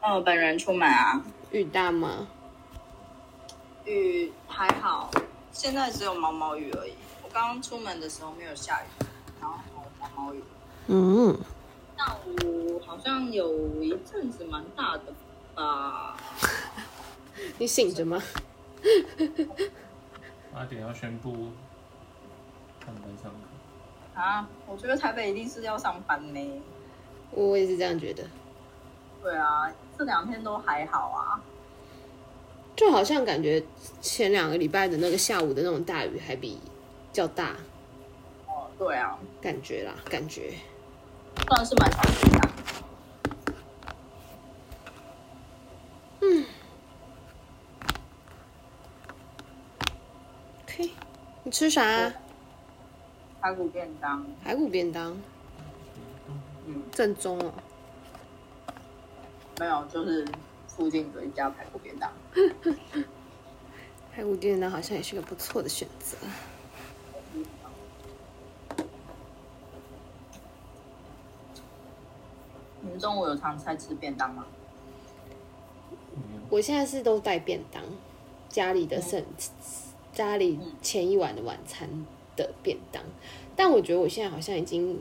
哦，那我本人出門啊，雨大嗎？雨還好，現在只有毛毛雨而已。我剛剛出門的時候沒有下雨，然後毛毛雨。嗯哼，下午好像有一陣子蠻大的吧。 你醒着嗎？八點要宣布啊！我覺得台北一定是要上班呢。我也是這樣覺得。對啊。這兩天都還好啊，就好像感覺前兩個禮拜的那個下午的那種大雨還比較大。哦，對啊，感覺啦，感覺，算是蠻神奇的啊。嗯，okay. 你吃啥啊？排骨便當。排骨便當。嗯，正宗哦。沒有，就是附近的一家排骨便當，排骨 便當好像也是個不錯的選擇。你們、嗯嗯、中午有常在吃便當嗎？我現在是都帶便當，家裡的剩，嗯、家裡前一晚的晚餐的便當。嗯、但我覺得我現在好像已經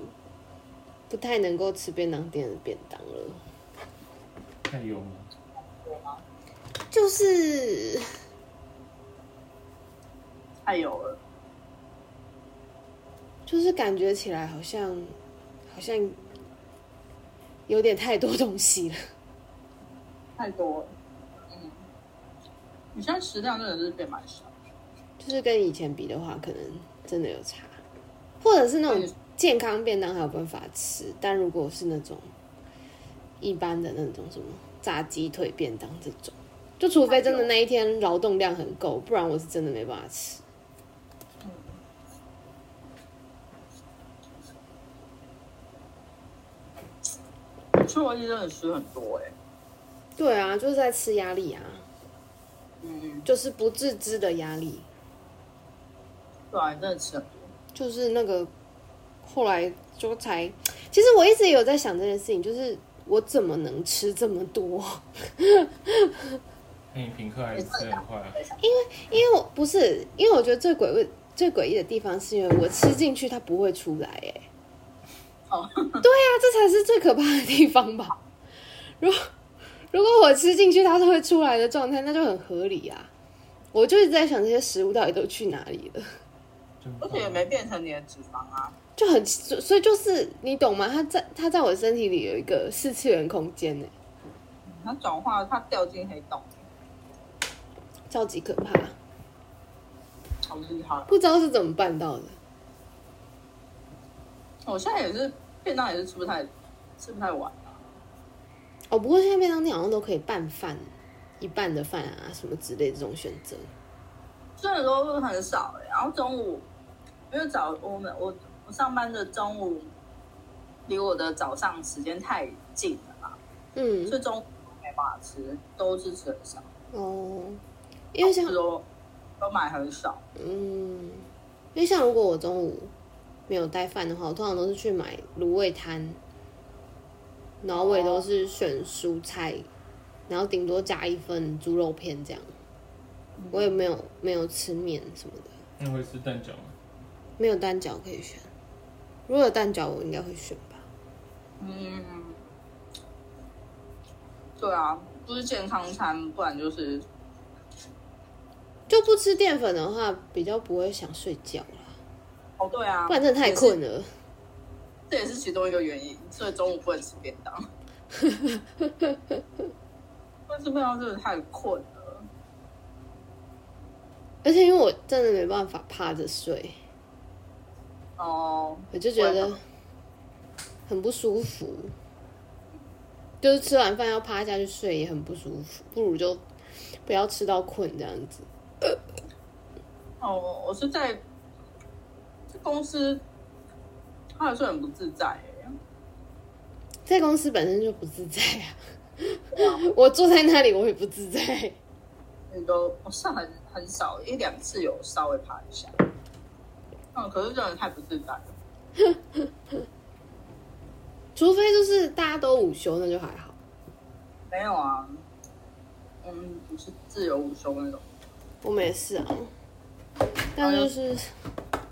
不太能夠吃便當店的便當了。太油了，就是太油了，就是感覺起來好像好像有點太多東西了，太多了。嗯，你像食量真的是變蠻小，就是跟以前比的話，可能真的有差。或者是那種健康便當還有辦法吃，但如果是那種。一般的那種什麼炸雞腿便當這種，就除非真的那一天勞動量很夠，不然我是真的沒辦法吃。嗯，吃東西真的吃很多哎。對啊，就是在吃壓力啊。嗯，就是不自知的壓力。對，真的吃很多。就是那個後來就才，其實我一直也有在想這件事情，就是。我怎麼能吃這麼多？那你平課還是快因為，因為我不是，因為我覺得最詭異、最詭異的地方是因為我吃進去它不會出來、欸，哎，對呀、啊，這才是最可怕的地方吧？如果如果我吃進去它是會出來的狀態，那就很合理啊。我就一直在想這些食物到底都去哪裡了，而且也沒變成你的脂肪啊。 就很，所以就是你懂嗎？他在它在我的身體裡有一個四次元空間呢。他轉化，他掉進黑洞，超級可怕，好怕不知道是怎麼辦到的。我、哦、現在也是，便當也是吃不太吃不太晚了、啊。哦，不過現在便當店好像都可以拌飯，一半的飯啊什麼之類的這種選擇，雖然說很少然後中午沒有找我們我。上班的中午離我的早上時間太近了嘛，嗯，所以中午都沒辦法吃，都是吃得少。哦，因為像都都買很少，嗯，因為像如果我中午沒有帶飯的話，我通常都是去買滷味攤，然後我也都是選蔬菜，哦，然後頂多加一份豬肉片這樣，我也沒有沒有吃麵什麼的。你會吃蛋餃嗎？沒有蛋餃可以選。如果有蛋餃，我應該會選吧。嗯，對啊，不是健康餐，不然就是就不吃澱粉的話，比較不會想睡覺了。哦，對啊，不然真的太困了這。這也是其中一個原因，所以中午不能吃便當。 但是便當真的太困了，而且因為我真的沒辦法趴着睡。哦，oh, 我就覺得很不舒服，會嗎？就是吃完飯要趴下去睡也很不舒服，不如就不要吃到困這樣子。哦，oh, 我是在這公司，我還是很不自在、欸。在公司本身就不自在啊， oh. 我坐在那裡我也不自在。你都我是很很少一兩次有稍微趴一下。嗯，可是真的太不自在了。 除非就是大家都午休，那就還好。沒有啊，嗯、我們不是自由午休那種。我沒事啊，但就是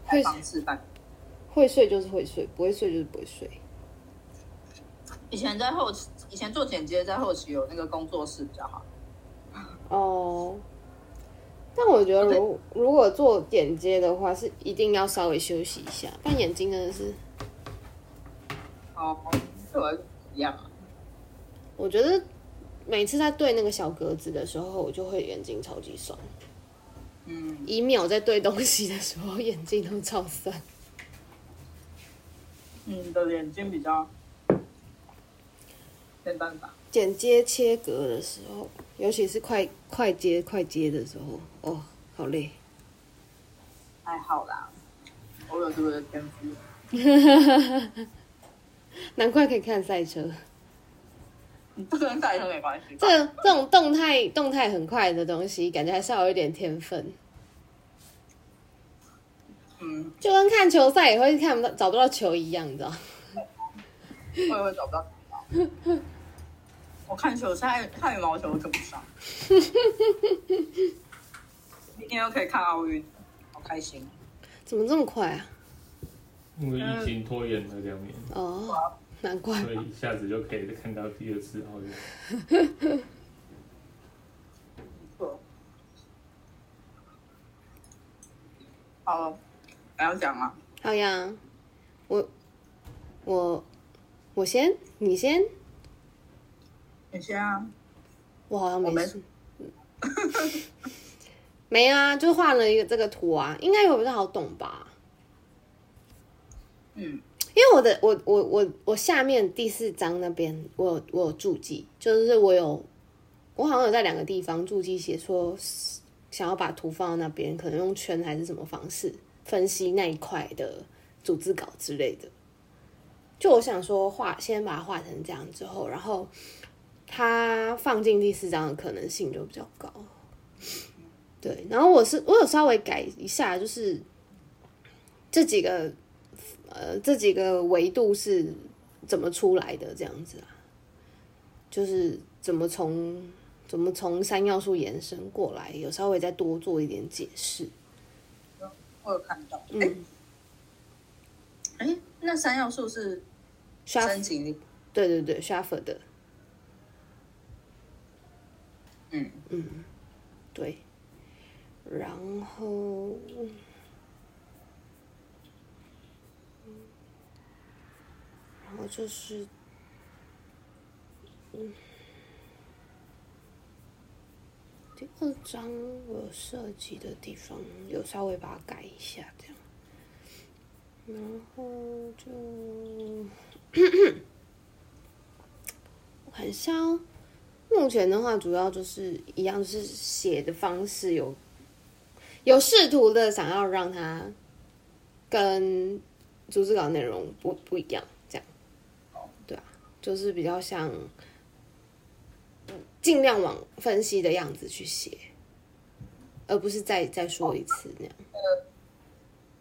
會吃飯，會睡就是會睡，不會睡就是不會睡。以前在後期，以前做剪接，在後期有那個工作室比較好。哦。Oh. 但我覺得如，如 Okay. 如果做剪接的話，是一定要稍微休息一下。但眼睛真的是，哦，跟我一樣。我覺得每次在對那個小格子的時候，我就會眼睛超級酸。嗯，一秒在對東西的時候，眼睛都超酸。你的眼睛比較，簡單法，剪接切格的時候。尤其是快快接快接的時候，哦，好累，太好了，我有這個天賦， 難怪可以看賽車，這跟賽車沒關係。 這種動態動態很快的東西，感覺還是要有一點天分。嗯，就跟看球賽也會看不到找不到球一樣，你知道嗎？會不會找不到？ 我看球賽，看羽毛球跟不上。明天又可以看奧運，好開心！怎麼這麼快啊？因為疫情拖延了兩年、呃、哦，難怪、啊！所以一下子就可以看到第二次奧運。 好了，還要講嗎、啊？好呀，我我我先，你先。哪些啊？我好像沒沒， 沒啊，就畫了一個這個圖啊，應該會比較好懂吧？嗯，因為我的我我我我下面第四章那邊我我有注記，就是我有我好像有在兩個地方注記，寫說想要把圖放到那邊，可能用圈，還是什麼方式分析那一塊的組織稿之類的。就我想說畫，先把它畫成這樣之後，然後。它放進第四章的可能性就比較高，對。然後我是我有稍微改一下，就是這幾個呃這幾個維度是怎麼出來的，這樣子啊，就是怎麼從怎麼從三要素延伸過來，有稍微再多做一點解釋，嗯。我有看到。欸、嗯。哎，那三要素是 Shaffer，對對對，Shaffer 的。嗯，嗯，對，然後，嗯，然後就是，嗯，第二章我設計的地方有稍微把它改一下這樣，然後就我看一下哦。目前的話，主要就是一樣，就是寫的方式有有試圖的想要讓它跟逐字稿內容不不一樣，這樣，對啊，就是比較像盡量往分析的樣子去寫，而不是再再說一次那樣，oh. 呃。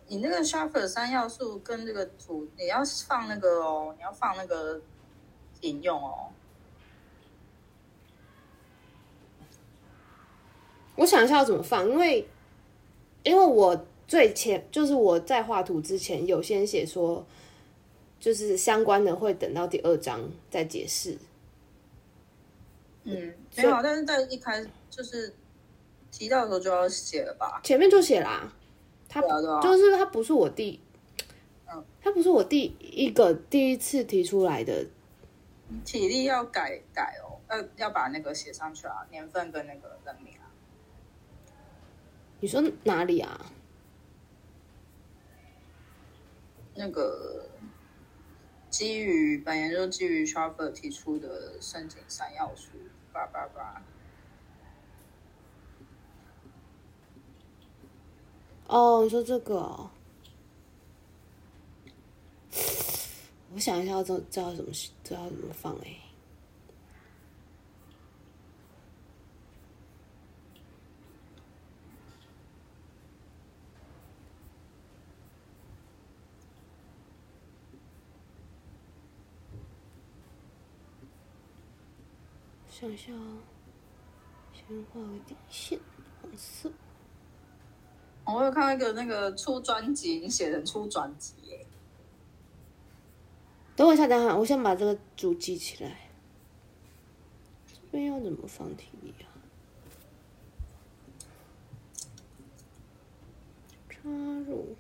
你那個 sharper 三要素跟那個圖，你要放那個哦，你要放那個引用哦。我想一下要怎麼放，因為因為我最前就是我在畫圖之前，有先寫說就是相關的會等到第二章再解釋。嗯，挺好 So,，但是在一開始就是提到的時候就要寫了吧？前面就寫啦、啊，他、啊啊、就是他不是我第，嗯，他不是我第一個第一次提出來的。嗯、體力要改改哦，要、呃、要把那個寫上去啊，年份跟那個人名、啊。你說哪裡啊？那個基於本研究基於 Schaffer 提出的申請三要素，八八八哦，你說這個、哦，我想一下，這這要怎麼這要怎麼放哎、欸？想一下哦，先畫個底線，黃色。我有看到一個那個出專輯，你寫的出專輯耶。等我一下等哈，我先把這個注記起來。這邊要怎麼放題呀？啊？插入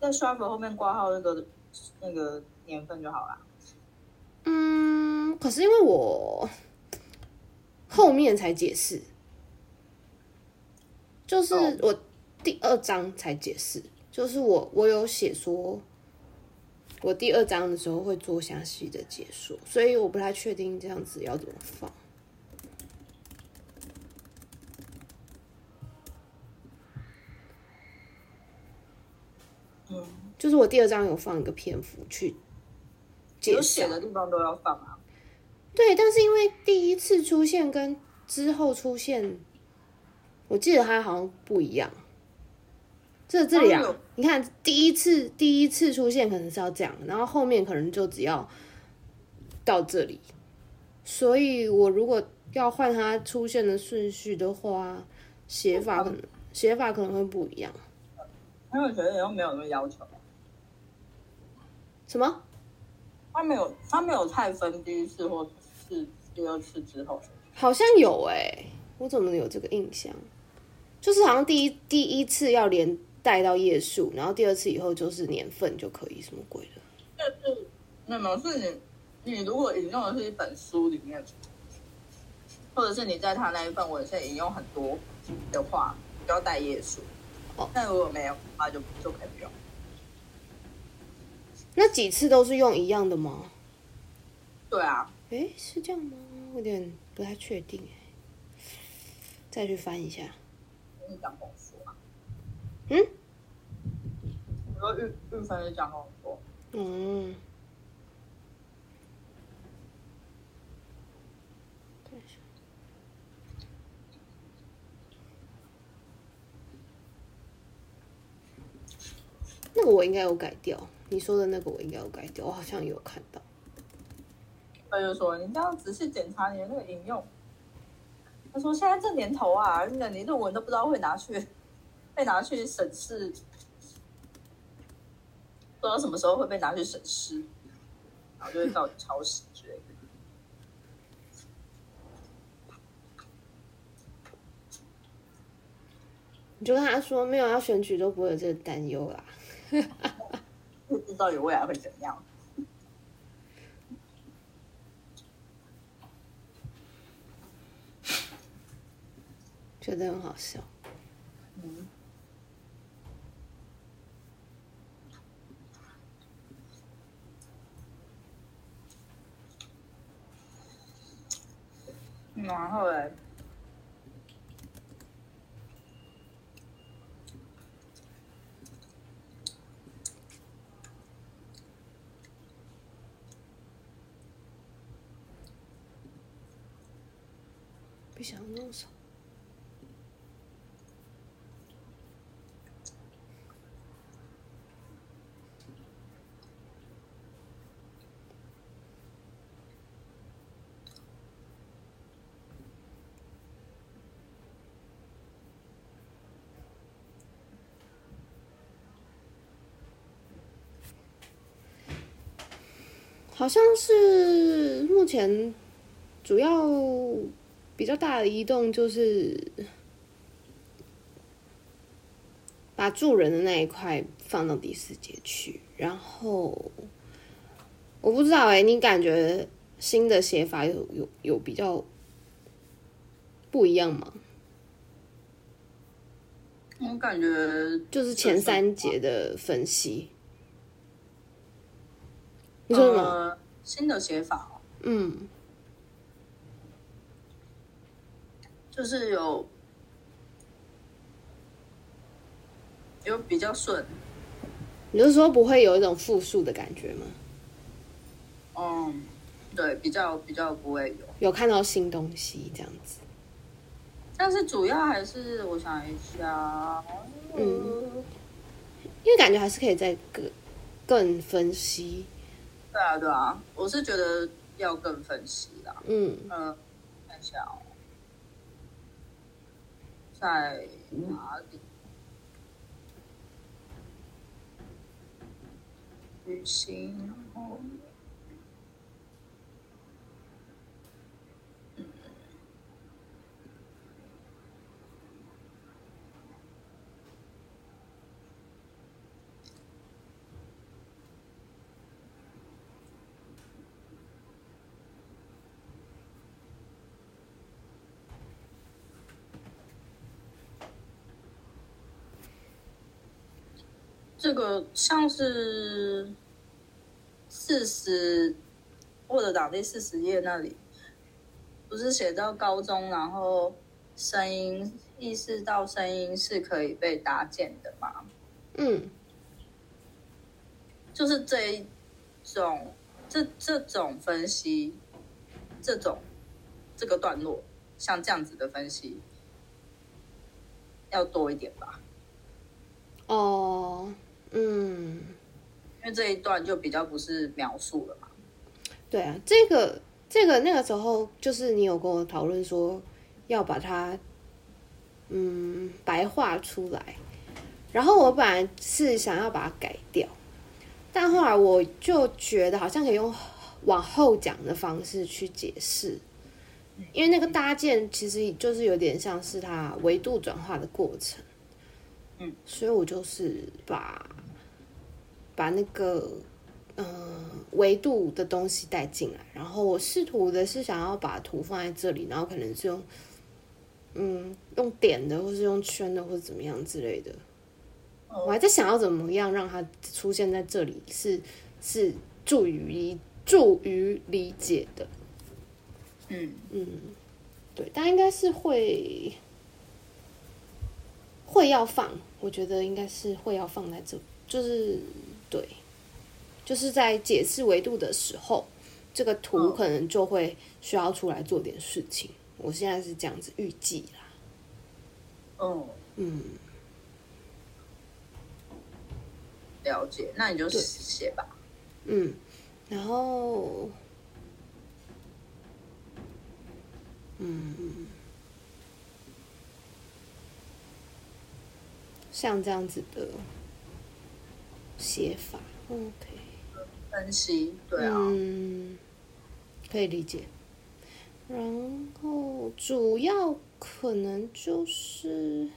在刷粉後面掛號那個那個年份就好了。嗯，可是因為我。後面才解釋，就是我第二章才解釋，就是我我有寫說，我第二章的時候會做詳細的解說，所以我不太確定這樣子要怎麼放。嗯，就是我第二章有放一個篇幅去解釋，有寫的地方都要放啊。對，但是因為第一次出現跟之後出現，我記得它好像不一樣。這這裡啊，你看第一次第一次出現可能是要這樣，然後後面可能就只要到這裡。所以我如果要換它出現的順序的話，寫法可能們寫法可能會不一樣。因為我覺得也沒有什麼要求。什麼？他沒有，他沒有太分第一次或。嗯是第二次之後，好像有哎、欸，我怎麼能有這個印象？就是好像第一第一次要連帶到頁數，然後第二次以後就是年份就可以，什麼鬼的？是那麼是你你如果引用的是一本書裡面，或者是你在他那一份文獻引用很多的話，要帶頁數。哦，那如果沒有的話就，就就可以不用。那幾次都是用一樣的嗎？對啊。哎、欸，是這樣嗎？我有點不太確定。哎，再去翻一下。你講好嗯？講好嗯。那個我應該有改掉，你說的那個我應該有改掉，我好像有看到。他就說：“你這樣仔細檢查你的那個引用。”他說：“現在這年頭啊，那個你論文都不知道會拿去，被拿去審視，不知道什麼時候會被拿去審視，然後就會造成抄襲之類的。”你就跟他說：“沒有要選舉都不會有這個擔憂啦， 我不知道有未來會怎樣。”覺得很好笑。嗯。然後嘞。不想弄啥。好像是目前主要比較大的移動就是把助人的那一塊放到第四節去，然後我不知道哎、欸，你感覺新的寫法有有有比較不一樣嗎？我感覺就，就是前三節的分析。什麼、呃、新的寫法。嗯，就是有，有比較順。你就是說不會有一種複述的感覺嗎？嗯，對，比較比較不會有。有看到新東西這樣子，但是主要還是我想一下，嗯，嗯，因為感覺還是可以再更更分析。對啊，對啊，我是覺得要更分析啦。嗯，呃，看一下哦，在哪裡？旅行哦，然後。這個像是四十或者打第四十頁那裡，不是寫到高中，然後聲音意識到聲音是可以被搭建的嗎？嗯，就是這一種這這種分析，這種這個段落像這樣子的分析，要多一點吧。哦。嗯，因為這一段就比較不是描述了嘛。對啊，這個這個那個時候，就是你有跟我討論說要把它嗯白話出來，然後我本來是想要把它改掉，但後來我就覺得好像可以用往後講的方式去解釋，因為那個搭建其實就是有點像是它維度轉化的過程。嗯，所以我就是把。把那個嗯、呃、維度的東西帶進來，然後我試圖的是想要把圖放在這裡，然後可能是用嗯用點的，或是用圈的，或者怎麼樣之類的。Oh. 我還在想要怎麼樣讓它出現在這裡是是助於助於理解的。嗯、mm. 嗯，對，但應該是會會要放，我覺得應該是會要放在這，就是。對，就是在解釋維度的時候，這個圖可能就會需要出來做點事情。嗯、我現在是這樣子預計啦。嗯嗯，嗯了解。那你就寫吧對。嗯，然後，嗯，像這樣子的。寫法，OK，分析，對啊，嗯，可以理解。然後主要可能就是，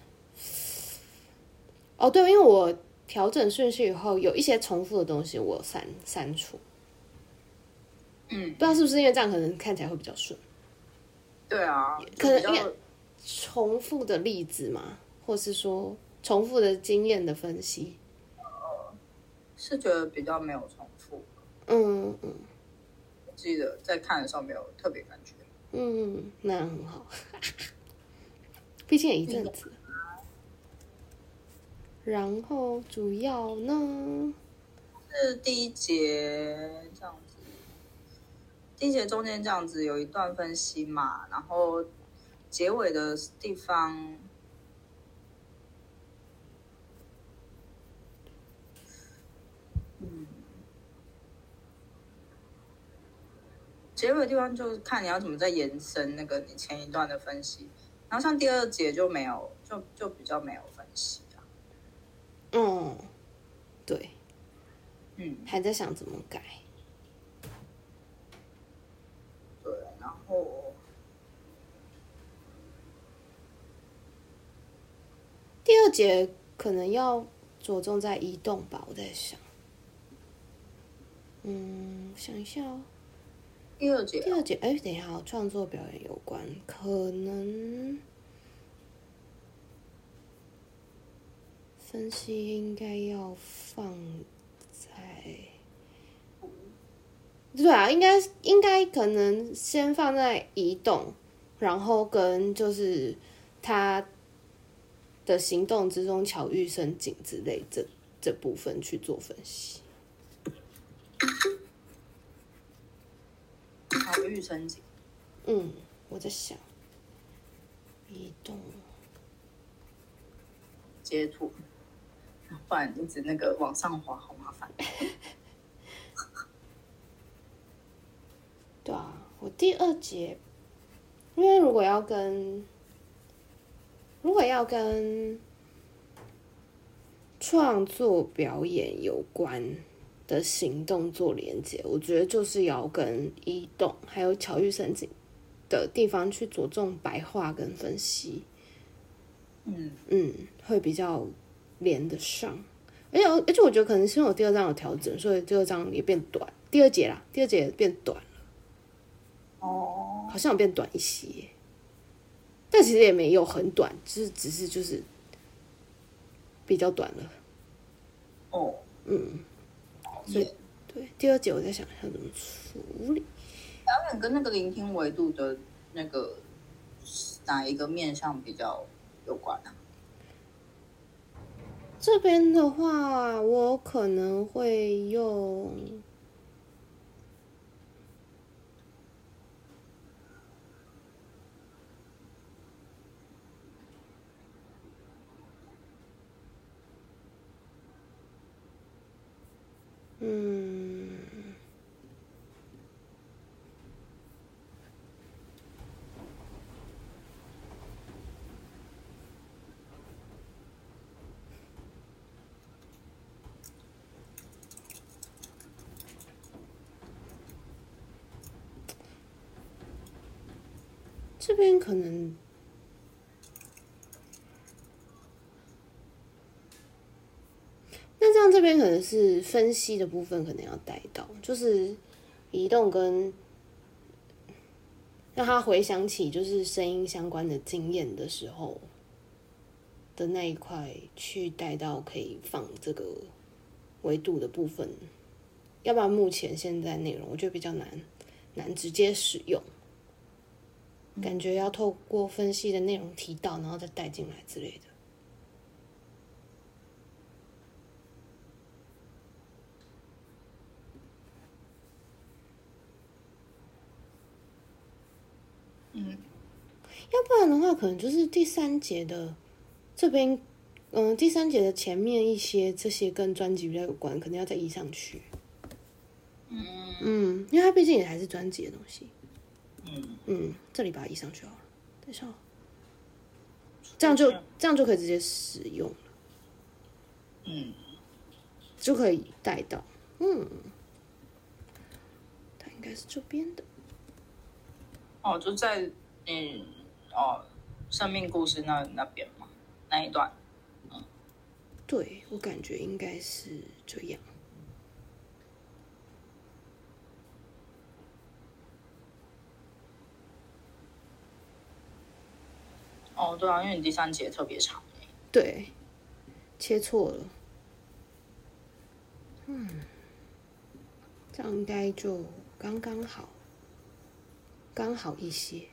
哦，對，因為我調整順序以後，有一些重複的東西我刪刪除。嗯，不知道是不是因為這樣可能看起來會比較順。對啊，可能因為重複的例子嘛，或是說重複的經驗的分析。是覺得比較沒有重複，嗯嗯，嗯，我記得在看的時候沒有特別感覺，嗯，那很好， 畢竟有一陣子。個，然後主要呢是第一節這樣子，第一節中間這樣子有一段分析嘛，然後結尾的地方。結尾的地方就是看你要怎麼再延伸那個你前一段的分析，然後像第二節就沒有，就就比較沒有分析啊。哦、嗯，對，嗯，還在想怎麼改。對，然後第二節可能要着重在移動吧，我在想。嗯，想一下哦。第二節、啊，哎、欸，等一下，創作表演有關，可能分析應該要放在對啊，應該應該可能先放在移動，然後跟就是他的行動之中巧遇深景之類，這這部分去做分析。好預存嗯，我在想，移動截圖，不然一直那個往上滑好麻煩。 對啊，我第二節，因為如果要跟，如果要跟創作表演有關。的行動做連接，我覺得就是要跟移動還有巧遇神經的地方去着重白話跟分析，嗯嗯，會比較連得上，而且而且我覺得可能是因為我第二章有調整，所以第二章也變短，第二節啦，第二節變短了，哦，好像有變短一些，但其實也沒有很短，只、就是只是就是比較短了，哦，嗯。對，Yeah. 對，第二節我再想一下怎麼處理。表演跟那個聆聽維度的那個哪一個面向比較有關呢？啊？這邊的話，我可能會用。嗯，這邊可能。這邊可能是分析的部分，可能要帶到，就是移動跟讓他回想起就是聲音相關的經驗的時候的那一塊去帶到可以放這個維度的部分，要不然目前現在內容我覺得比較難難直接使用，感覺要透過分析的內容提到，然後再帶進來之類的。要不然的話，可能就是第三節的這邊，嗯、呃，第三節的前面一些這些跟專輯比較有關，可能要再移上去。嗯，因為它畢竟也還是專輯的東西。嗯嗯，嗯，這裡把它移上去好了，等一下，這樣就這樣就可以直接使用了。嗯，就可以帶到。嗯，它應該是這邊的。哦，就在嗯。哦，生命故事那那邊嗎？那一段，嗯，對我感覺應該是這樣。哦，對啊，因為你第三節特別長，對，切錯了，嗯，這樣應該就剛剛好，剛好一些。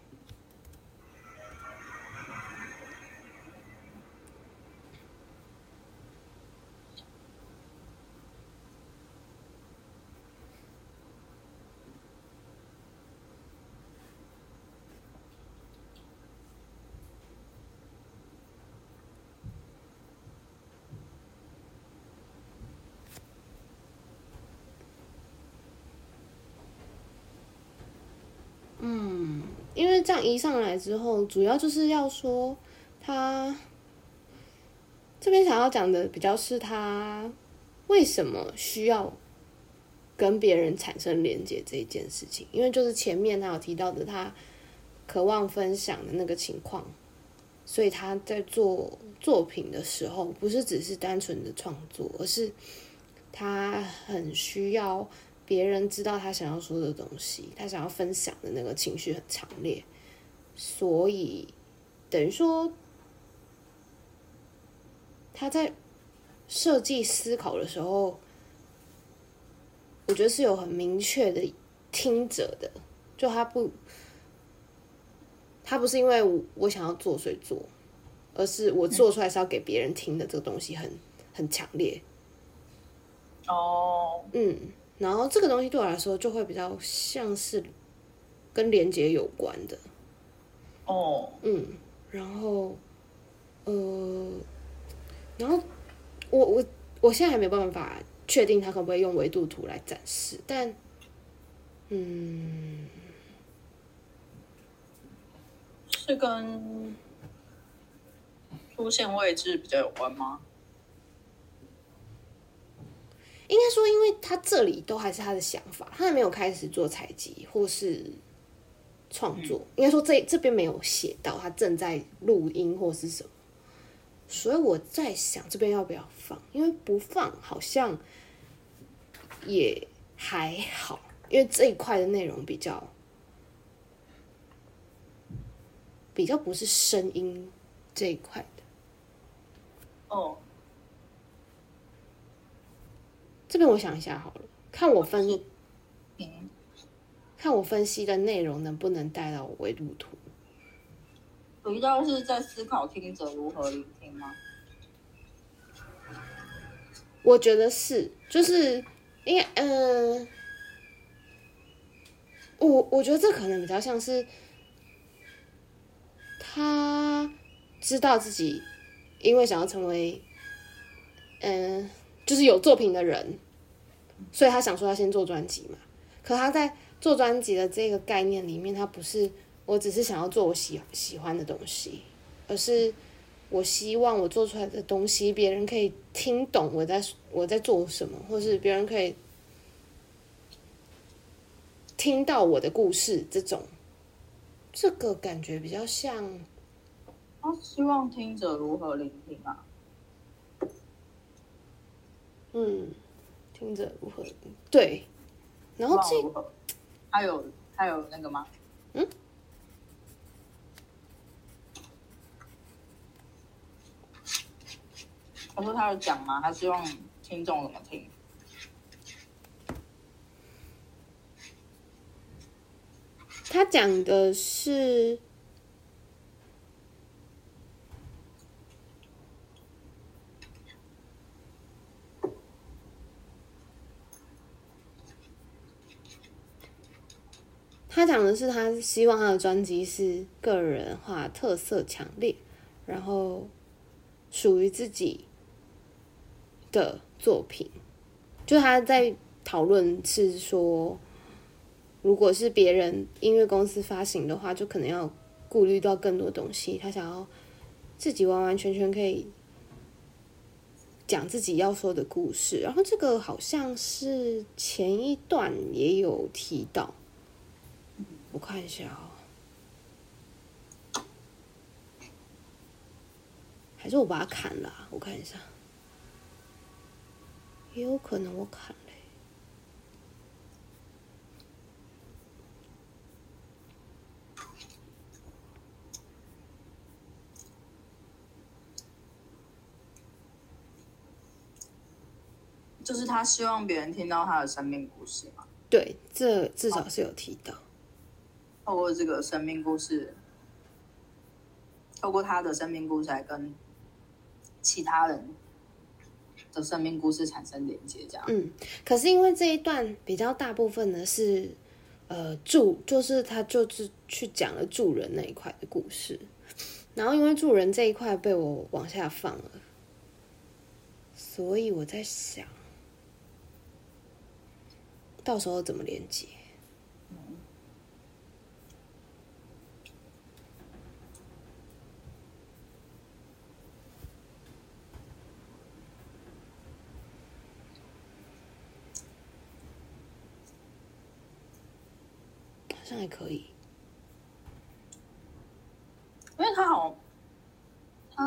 嗯，因為這樣一上來之後，主要就是要說他這邊想要講的比較是他為什麼需要跟別人產生連結這一件事情，因為就是前面他有提到的，他渴望分享的那個情況，所以他在做作品的時候，不是只是單純的創作，而是他很需要。別人知道他想要說的東西，他想要分享的那個情緒很強烈，所以等於說他在設計思考的時候，我覺得是有很明確的聽者的，就他不，他不是因為我，我想要做所以做，而是我做出來是要給別人聽的，這個東西很很強烈。哦，嗯。嗯然後這個東西對我來說就會比較像是跟連接有關的哦，oh. 嗯，然後呃，然後我我我現在還沒辦法確定他可不可以用維度圖來展示，但嗯，是跟出現位置比較有關嗎？應該說，因為他這裡都還是他的想法，他還沒有開始做採集或是創作。應該說這，這這邊沒有寫到他正在錄音或是什麼，所以我在想這邊要不要放？因為不放好像也還好，因為這一塊的內容比較比較不是聲音這一塊的。哦。Oh. 這邊我想一下好了，看我分，嗯、看我分析的內容能不能帶到我維度圖。我不知道是在思考聽者如何聆聽嗎？我覺得是，就是因為，嗯、呃，我我覺得這可能比較像是他知道自己因為想要成為，嗯、呃，就是有作品的人。所以他想說他先做專輯嘛，可他在做專輯的這個概念裡面，他不是我只是想要做我喜喜歡的東西，而是我希望我做出來的東西別人可以聽懂我在我在做什麼，或是別人可以聽到我的故事這種，這個感覺比較像他希望聽者如何聆聽啊，嗯。聽着如何？對，然後這他有他有那個嗎？嗯？他說他有講嗎？他希望聽眾怎麼聽？他講的是。他講的是，他希望他的專輯是個人化、特色強烈，然後屬於自己的作品。就他在討論，是說，如果是別人音樂公司發行的話，就可能要顧慮到更多東西。他想要自己完完全全可以講自己要說的故事。然後這個好像是前一段也有提到。我看一下啊，喔，還是我把他砍了，啊？我看一下，也有可能我砍了，欸。就是他希望別人聽到他的生命故事嗎？對，這至少是有提到。透過這個生命故事，透過他的生命故事，來跟其他人的生命故事產生連接，這樣。嗯，可是因為這一段比較大部分呢是，呃，助，就是他就是去講了助人那一塊的故事，然後因為助人這一塊被我往下放了，所以我在想，到時候怎麼連接？還可以，因為他好，他，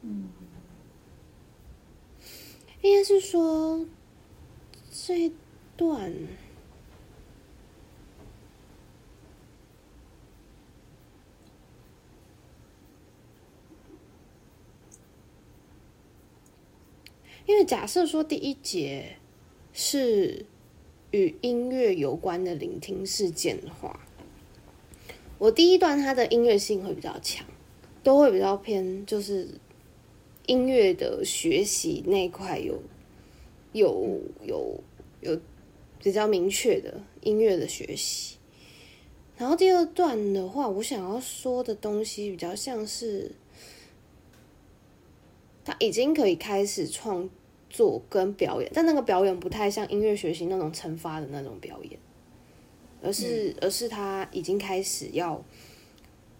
嗯，應該是說這一段。因為假設說第一節是與音樂有關的聆聽事件的話，我第一段它的音樂性會比較強，都會比較偏就是音樂的學習那塊有有有有比較明確的音樂的學習，然後第二段的話，我想要說的東西比較像是。他已經可以開始創作跟表演，但那個表演不太像音樂學習那種成發的那種表演，而是、嗯、而是他已經開始要，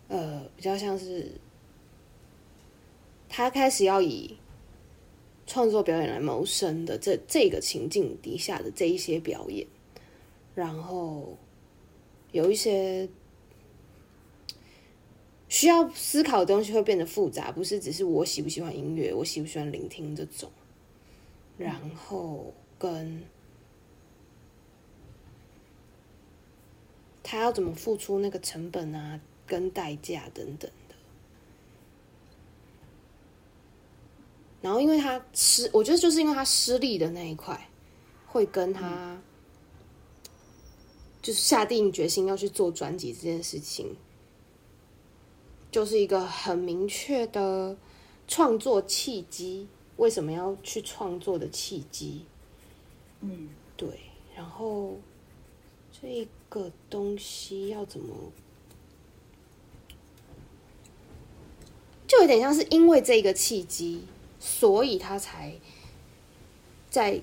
呃，比較像是，他開始要以創作表演來謀生的這這個情境底下的這一些表演，然後有一些。需要思考的東西會變得複雜，不是只是我喜不喜歡音樂，我喜不喜歡聆聽這種，然後跟他要怎麼付出那個成本啊，跟代價等等的。然後，因為他失，我覺得就是因為他失利的那一塊，會跟他就是下定決心要去做專輯這件事情。就是一個很明確的創作契機，為什麼要去創作的契機？嗯，對。然後這個東西要怎麼，就有點像是因為這個契機，所以他才在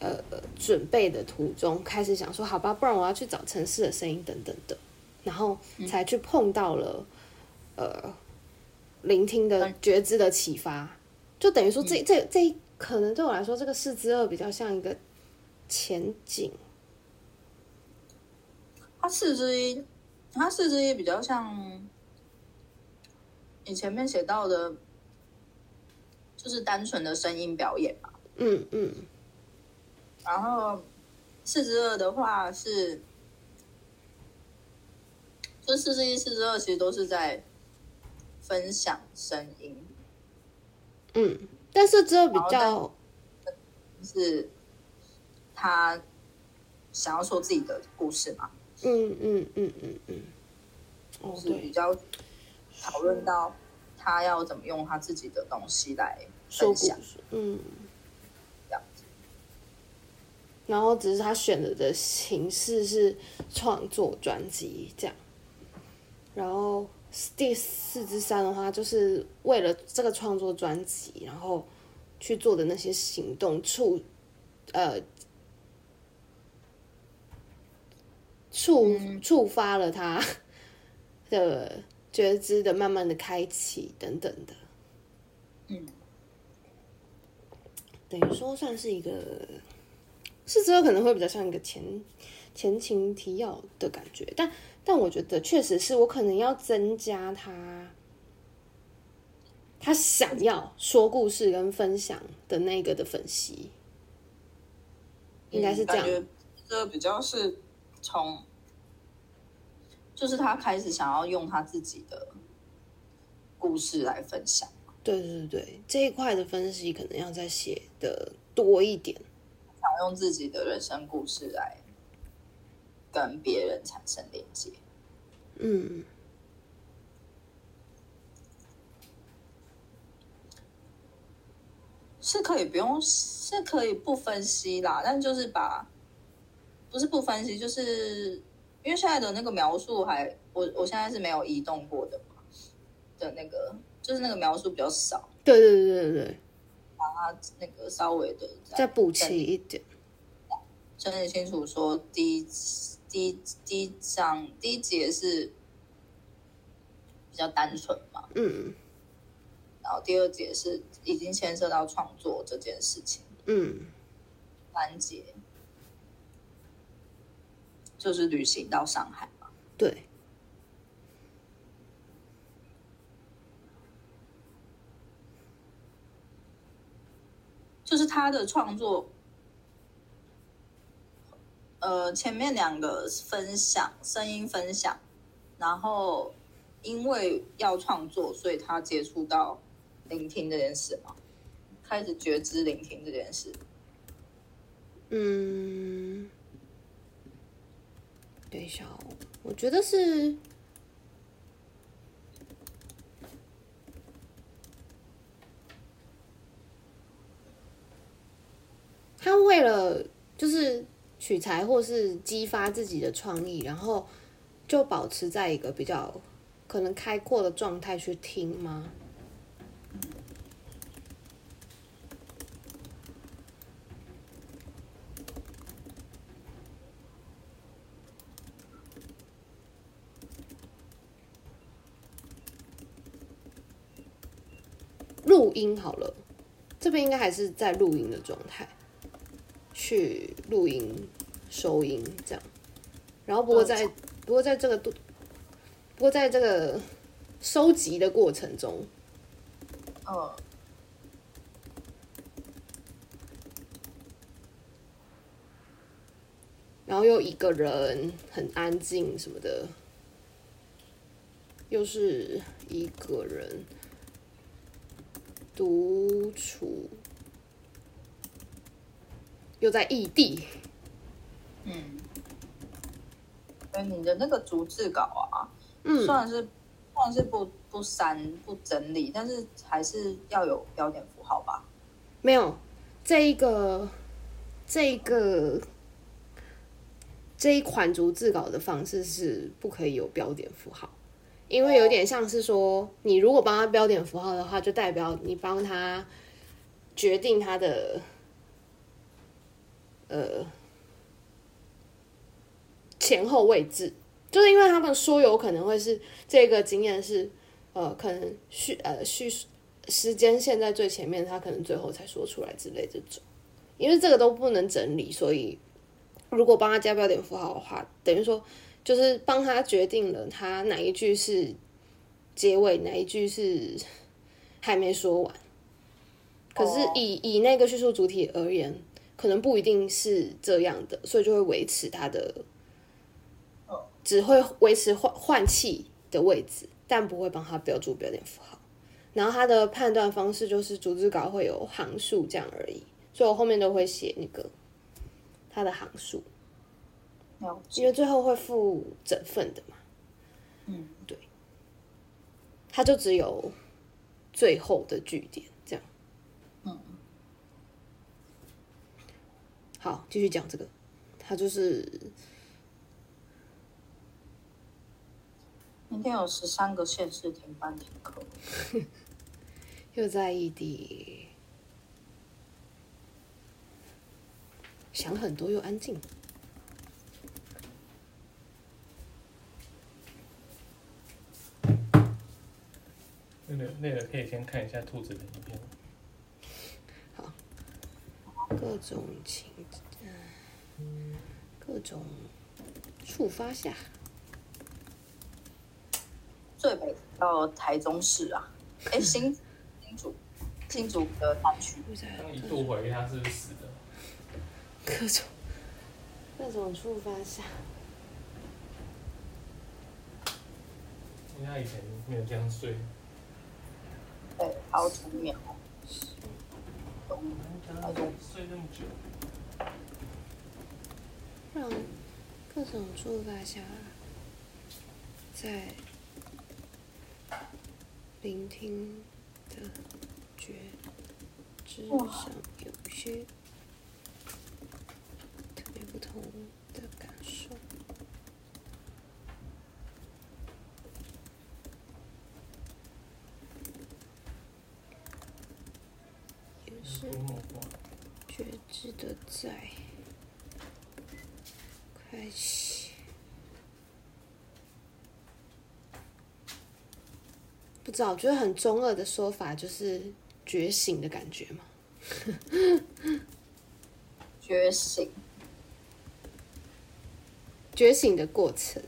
呃準備的途中開始想說，好吧，不然我要去找城市的聲音等等的，然後才去碰到了。呃，聆聽的、哎、覺知的啟發，就等於說這、嗯、這這可能對我來說，這個四之二比較像一個前景。它四之一，它四之一比較像你前面寫到的，就是單純的聲音表演吧。嗯嗯。嗯然後四之二的話是，就四之一、四之二其實都是在，分享聲音，嗯，但是只有比較，是他想要說自己的故事嘛，嗯？嗯嗯嗯嗯嗯，嗯嗯就是比較討論到他要怎麼用他自己的東西來分享，說故事嗯，這樣子，然後只是他選擇的形式是創作專輯這樣，然後。第四之三的話，就是為了這個創作專輯，然後去做的那些行動觸，呃，觸觸發了他的、mm hmm. 覺知的慢慢的開啟等等的，嗯、mm，hmm. 等於說算是一個，是之後可能會比較像一個前。前情提要的感覺，但但我覺得確實是我可能要增加他，他想要說故事跟分享的那個的分析，應該是這樣。嗯，我覺得這個比較是從，就是他開始想要用他自己的故事來分享。對對對對，這一塊的分析可能要再寫得多一點，想用自己的人生故事來。跟別人產生連接，嗯，是可以不用，是可以不分析啦。但就是把，不是不分析，就是因為現在的那個描述還，我我現在是沒有移動過的嘛，的那個就是那個描述比較少。對對對對對，把他，那個稍微的再補齊一點整，整理清楚說第一次。第第一章第一節是比較單純嘛，嗯，然後第二節是已經牽涉到創作這件事情，嗯，三節就是旅行到上海嘛，對，就是他的創作。呃，前面兩個分享，聲音分享，然後因為要創作，所以他接觸到聆聽這件事嘛，開始覺知聆聽這件事。嗯，對，小，我覺得是，他為了就是。取材或是激發自己的創意，然後就保持在一個比較可能開闊的狀態去聽嗎？錄音好了，這邊應該還是在錄音的狀態。去錄音、收音，這樣，然後不過在不過在這個度，不過在這個收集的過程中，嗯，然後又一個人很安靜什麼的，又是一個人獨處。就在異地，嗯，所以你的那個逐字稿啊，嗯，算是算是不不刪不整理，但是還是要有標點符號吧？沒有，這一個，這一個，這一款逐字稿的方式是不可以有標點符號，因為有點像是說，oh. 你如果幫他標點符號的話，就代表你幫他決定他的。呃，前後位置就是因為他們說有可能會是這個經驗是呃可能敘呃敘時間線在最前面，他可能最後才說出來之類這種，因為這個都不能整理，所以如果幫他加標點符號的話，等於說就是幫他決定了他哪一句是結尾，哪一句是還沒說完。可是以以那個敘述主體而言。可能不一定是這樣的，所以就會維持它的，oh. 只會維持換換氣的位置，但不會幫他標注標點符號。然後他的判斷方式就是逐字稿會有行數這樣而已，所以我後面都會寫那個他的行數，了解。因為最後會附整份的嘛。嗯，對，他就只有最後的句點。好，繼續講這個，他就是明天有十三個縣市停班停課。 又在異地，想很多又安靜，累了累了，可以先看一下兔子的影片。各種情，各種觸發下，最北到台中市啊！誒、 欸，新新竹新竹的單曲，剛一度懷疑他是不是死的，各種各種觸發下，因為他以前沒有這樣睡，對，好聰明。各種睡這麼久，讓各種祝大家，在聆聽的覺知上有些特別不同。對。開始，不知道，就是很中二的說法，就是覺醒的感覺嘛， 覺醒，覺醒的過程，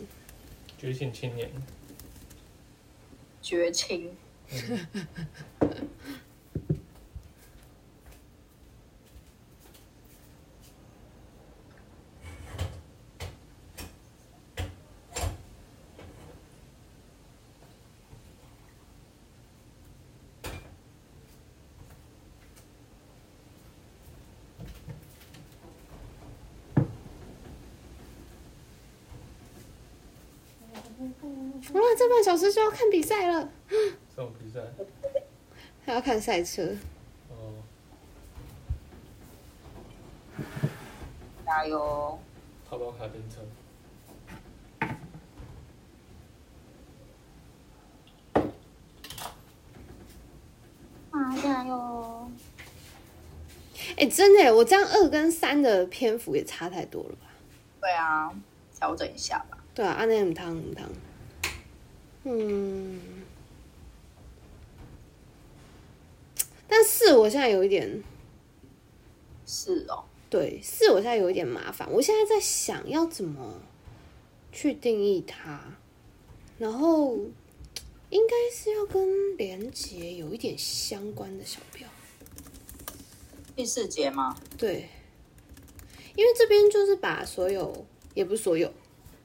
覺醒青年，絕情清。嗯哇！這半小時就要看比賽了。什麼比賽？還要看賽車。Oh, 加油。淘寶卡丁車。啊，加油！哎、欸，真的、欸，我這樣二跟三的篇幅也差太多了吧？對啊，調整一下吧。對啊，阿內姆燙姆燙嗯，但是我現在有一點是哦，對，是我現在有一點麻煩，我現在在想要怎麼去定義它，然後應該是要跟連接有一點相關的小標第四節嗎？對，因為這邊就是把所有，也不是所有，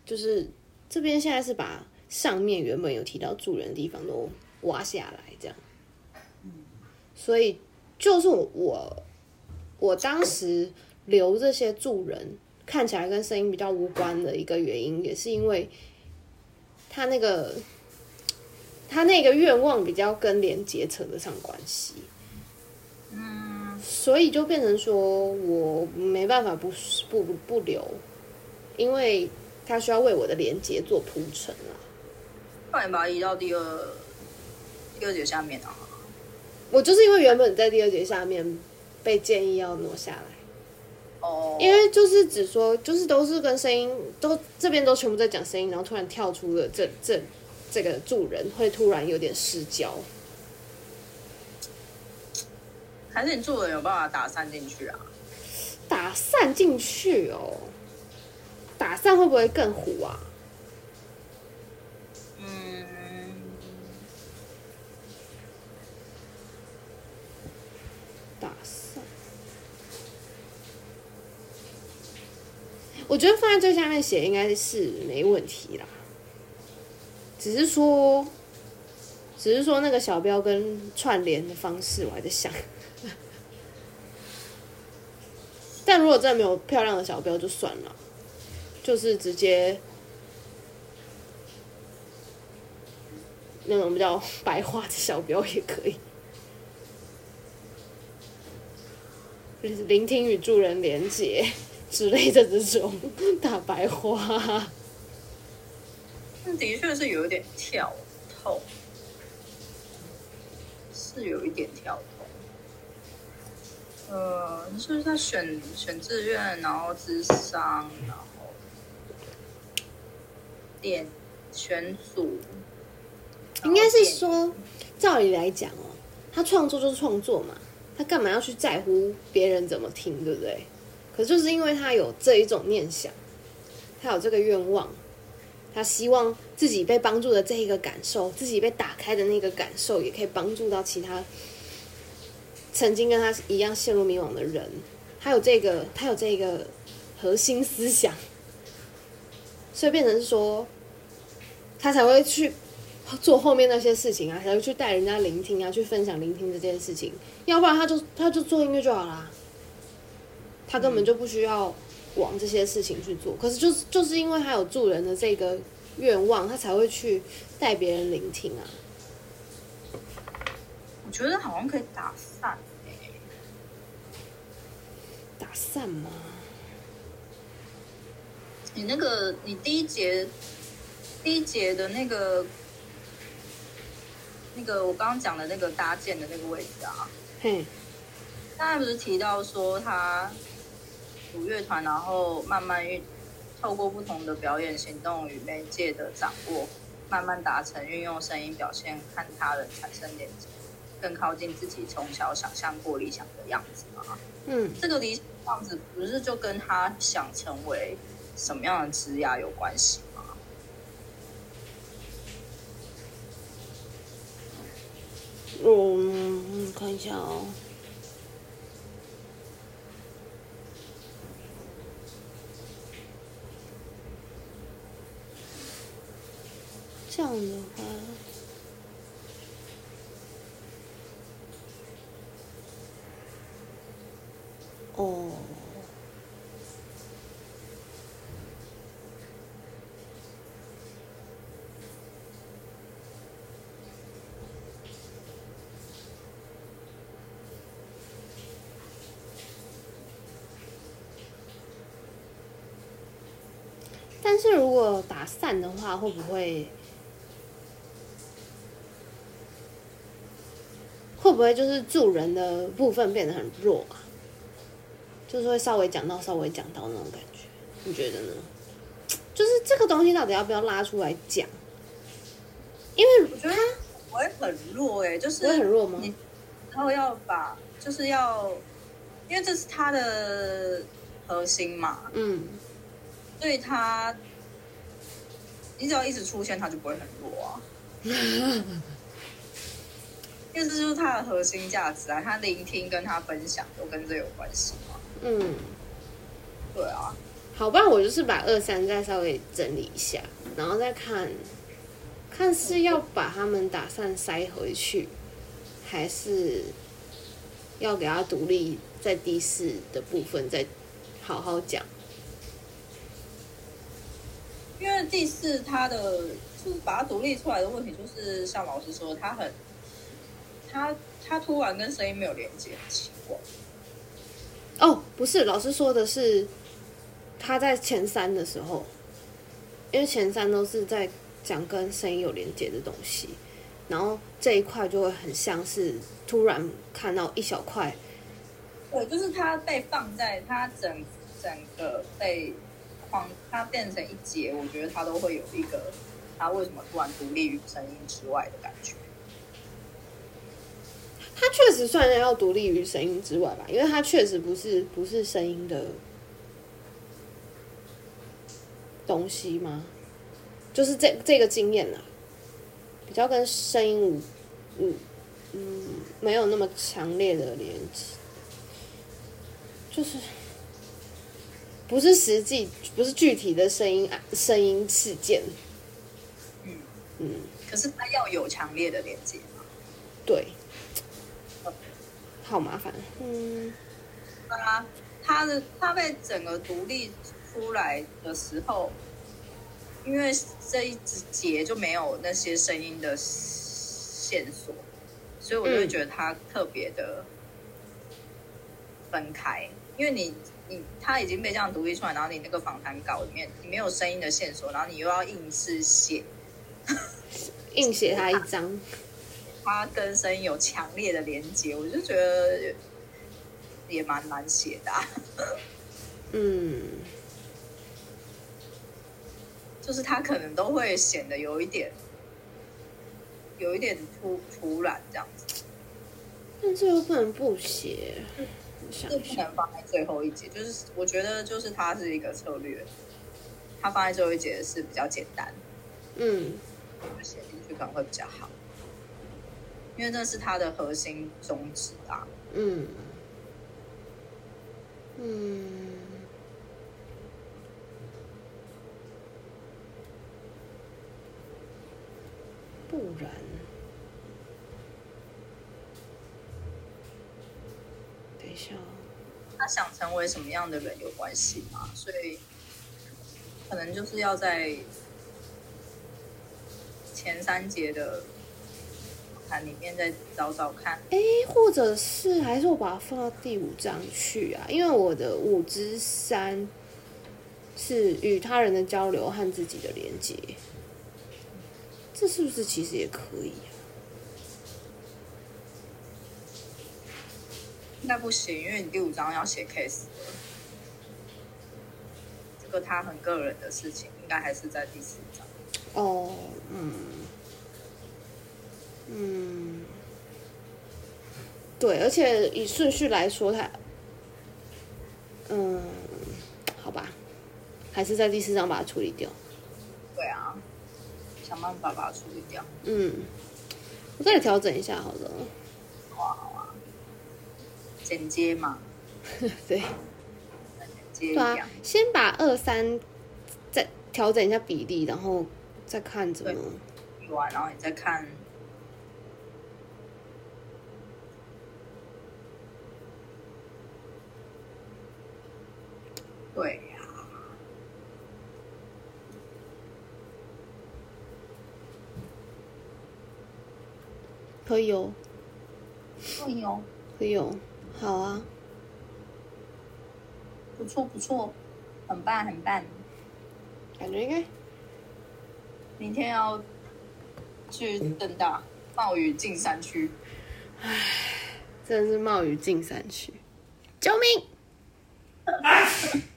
就是這邊現在是把。上面原本有提到住人的地方都挖下來，這樣，所以就是我我當時留這些住人，看起來跟聲音比較無關的一個原因，也是因為他那個他那個願望比較跟連結扯得上關係，嗯，所以就變成說我沒辦法不不不留，因為他需要為我的連結做鋪陳啊。快把移到第二第二節下面啊！我就是因為原本在第二節下面，被建議要挪下來。哦、嗯，因為就是只說，就是都是跟聲音都這邊都全部在講聲音，然後突然跳出了這這這個助人，會突然有點失焦。還是你助人有辦法打散進去啊？打散進去哦，打散會不會更糊啊？大賽，我覺得放在最下面寫應該是沒問題啦。只是說，只是說那個小標跟串聯的方式，我還在想。但如果真的沒有漂亮的小標，就算了，就是直接那種比較白話的小標也可以。聆聽與助人聯結之類的這種大白話，那的確是有一點跳脫，是有一點跳脫。呃，就是，是他選選志願，然後諮商，然後點選組，應該是說，照理來講哦、喔，他創作就是創作嘛。他幹嘛要去在乎別人怎麼聽，對不對？可，就是因為他有這一種念想，他有這個願望，他希望自己被幫助的這一個感受，自己被打開的那個感受，也可以幫助到其他曾經跟他一樣陷入迷惘的人。他有這個，他有這個核心思想，所以變成說，他才會去。做後面那些事情啊，才會去帶人家聆聽啊，去分享聆聽這件事情。要不然他就他就做音樂就好啦，啊，他根本就不需要往這些事情去做。可是就是就是因為他有助人的這個願望，他才會去帶別人聆聽啊。我覺得好像可以打散欸。打散嗎？你那個你第一節第一節的那個。那個我剛剛講的那個搭建的那個位置啊，嘿、嗯，剛才不是提到說他主樂團，然後慢慢運透過不同的表演行動與媒介的掌握，慢慢達成運用聲音表現，看他人產生連接，更靠近自己從小想象過理想的樣子嗎？嗯，這個理想的樣子不是就跟他想成為什麼樣的職業有關係？嗯，oh, 你看一下哦、哦，這樣的話，哦。就是如果打散的話，會不會會不會就是助人的部分變得很弱啊？就是會稍微講到，稍微講到那種感覺，你覺得呢？就是這個東西到底要不要拉出來講？因為我覺得我也很弱，誒就是我很弱嗎？然後要把，就是要，因為這是他的核心嘛，嗯，對他。你只要一直出現，他就不會很弱啊。 因為這就是他的核心價值啊，他聆聽跟他分享，都跟這有關係啊。嗯，對啊。好吧，我就是把二三再稍微整理一下，然後再看看是要把他們打算塞回去，還是要給他獨立在第四的部分再好好講。因為第四，他的就是、把它獨立出來的問題，就是像老師說，他很，他他突然跟聲音沒有連接，很奇怪。哦，不是，老師說的是他在前三的時候，因為前三都是在講跟聲音有連接的東西，然後這一塊就會很像是突然看到一小塊，對，對就是他被放在他整整個被。它變成一節，我覺得它都會有一個它為什麼突然獨立於聲音之外的感覺。它確實算是要獨立於聲音之外吧，因為它確實不是不是聲音的東西嗎？就是這這個經驗啊，比較跟聲音無無嗯沒有那麼強烈的連接。就是。不是實際，不是具體的聲音啊，聲音事件。嗯嗯。嗯，可是他要有強烈的連接嗎？對。Okay. 好麻煩。嗯。他他的他被整個獨立出來的時候，因為這一節就沒有那些聲音的線索，所以我就會覺得他特別的分開，嗯、因為你。他已經被這樣獨立出來，然後你那個訪談稿裡面你沒有聲音的線索，然後你又要硬是寫，硬寫他一張，他跟聲音有強烈的連接，我就覺得也蠻難寫的啊。嗯，就是他可能都會顯得有一點，有一點突突然這樣子，但是又不能不寫。這不能放在最後一節，就是我覺得，就是它是一個策略，它放在最後一節是比較簡單，嗯，寫進去可能會比較好，因為那是它的核心宗旨啊，嗯，嗯，不然。等一下哦。他想成為什麼樣的人有關係嗎？所以可能就是要在前三節的盤裡面再找找看。哎、欸，或者是還是我把它放到第五章去啊？因為我的五之三是與他人的交流和自己的連接，這是不是其實也可以啊？那不行，因為你第五章要寫 case 了。這個他很個人的事情，應該還是在第四章。哦，嗯，嗯，對，而且以順序來說，他。嗯，好吧，還是在第四章把它處理掉。對啊，想辦法把它處理掉。嗯，我再調整一下，好了。好啊。連接嘛， 對，對啊，先把二三再調整一下比例，然後再看怎麼，對呀，然後你再看，對啊、可以哦， 可以哦，可以哦。好啊，不錯不錯，很棒很棒，感覺應該明天要去登大、嗯、冒雨進山區，唉，真的是冒雨進山區，救命！